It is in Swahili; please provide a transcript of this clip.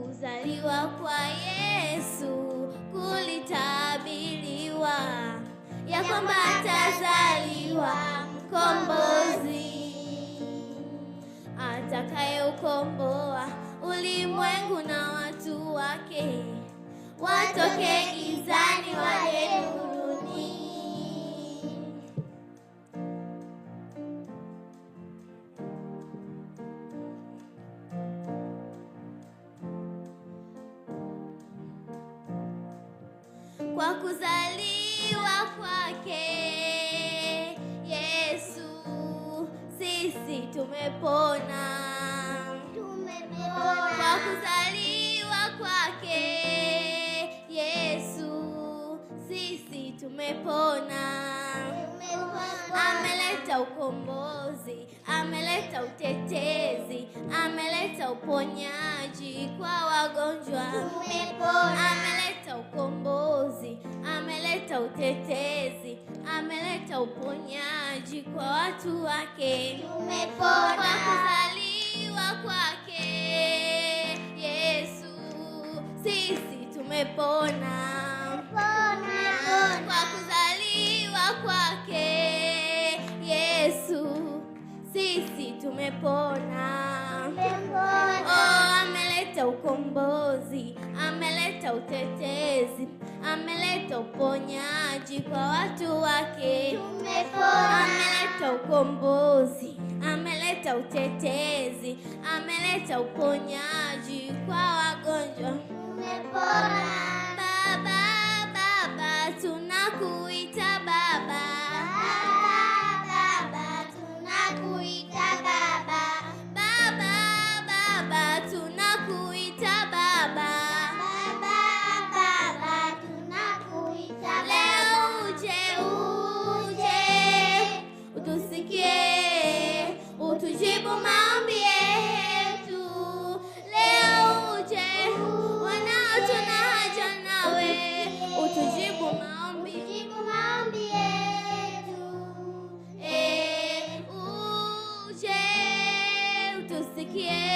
Kuzaliwa kwa Yesu kulitabiriwa ya kwamba atazaliwa mkombozi atakayeukomboa ulimwengu na watu wake watoke gizani nuru. kwa sisi tumepona, tumepona. kuzaliwa kwake Yesu sisi tumepona, tumepona. Ameleta ukombozi, ameleta utetezi, ameleta uponyaji kwa wagonjwa tumepona. tetezi, ameleta uponyaji kwa watu wake. Tumepona kwa kuzaliwa kwake Yesu, sisi tumepona kwa kuzaliwa kwake Yesu, sisi tumepona ameleta ukombozi, ameleta utetezi, ameleta uponyaji kwa watu wake. Tumepona. Ameleta ukombozi, ameleta utetezi, ameleta uponyaji kwa wagonjwa 天。